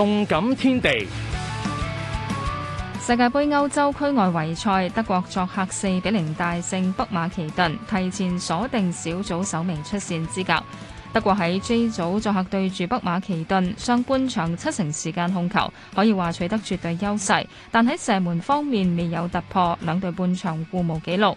動感天地，世界杯歐洲區外圍賽，德國作客四比零大勝北馬其頓，提前鎖定小組首名出線資格。德國喺 J 組作客對住北馬其頓，上半場七成時間控球，可以話取得絕對優勢，但喺射門方面未有突破，兩隊半場互無紀錄。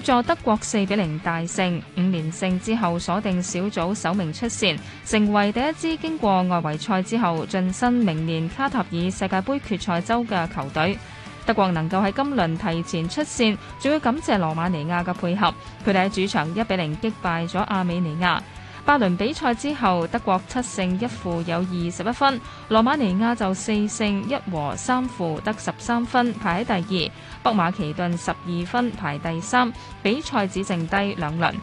協助德國四比零大勝，五連勝之後鎖定小組首名出線，成為第一支經過外圍賽之後晉身明年卡塔爾世界盃決賽周嘅球隊。德國能夠喺今輪提前出線，仲要感謝羅馬尼亞嘅配合，佢哋喺主場一比零擊敗咗阿美尼亞。八輪比賽之後，德國七勝一負，有二十一分；羅馬尼亞就四勝一和三負，得十三分，排喺第二。北馬其頓十二分，排第三。比賽只剩低兩輪。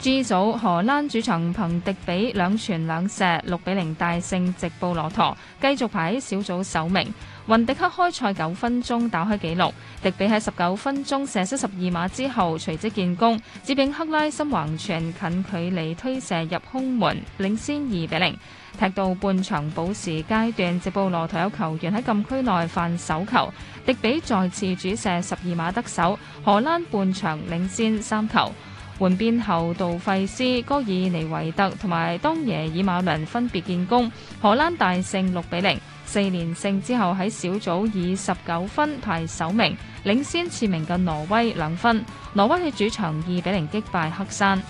G 組荷蘭主場憑迪比兩傳兩射六比零大勝直布羅陀，繼續排喺小組首名。雲迪克開賽九分鐘打開紀錄，迪比喺十九分鐘射失十二碼之後隨即建功，指丙克拉森橫傳近距離推射入空門，領先二比零。踢到半場補時階段，直布羅陀有球員喺禁區內犯手球，迪比再次主射十二碼得手，荷蘭半場領先三球。換邊後，杜費斯、戈爾尼維特同埋當耶爾馬倫分別建功，荷蘭大勝六比零。四連勝之後，喺小組以十九分排首名，領先次名嘅挪威兩分。挪威喺主場二比零擊敗黑山。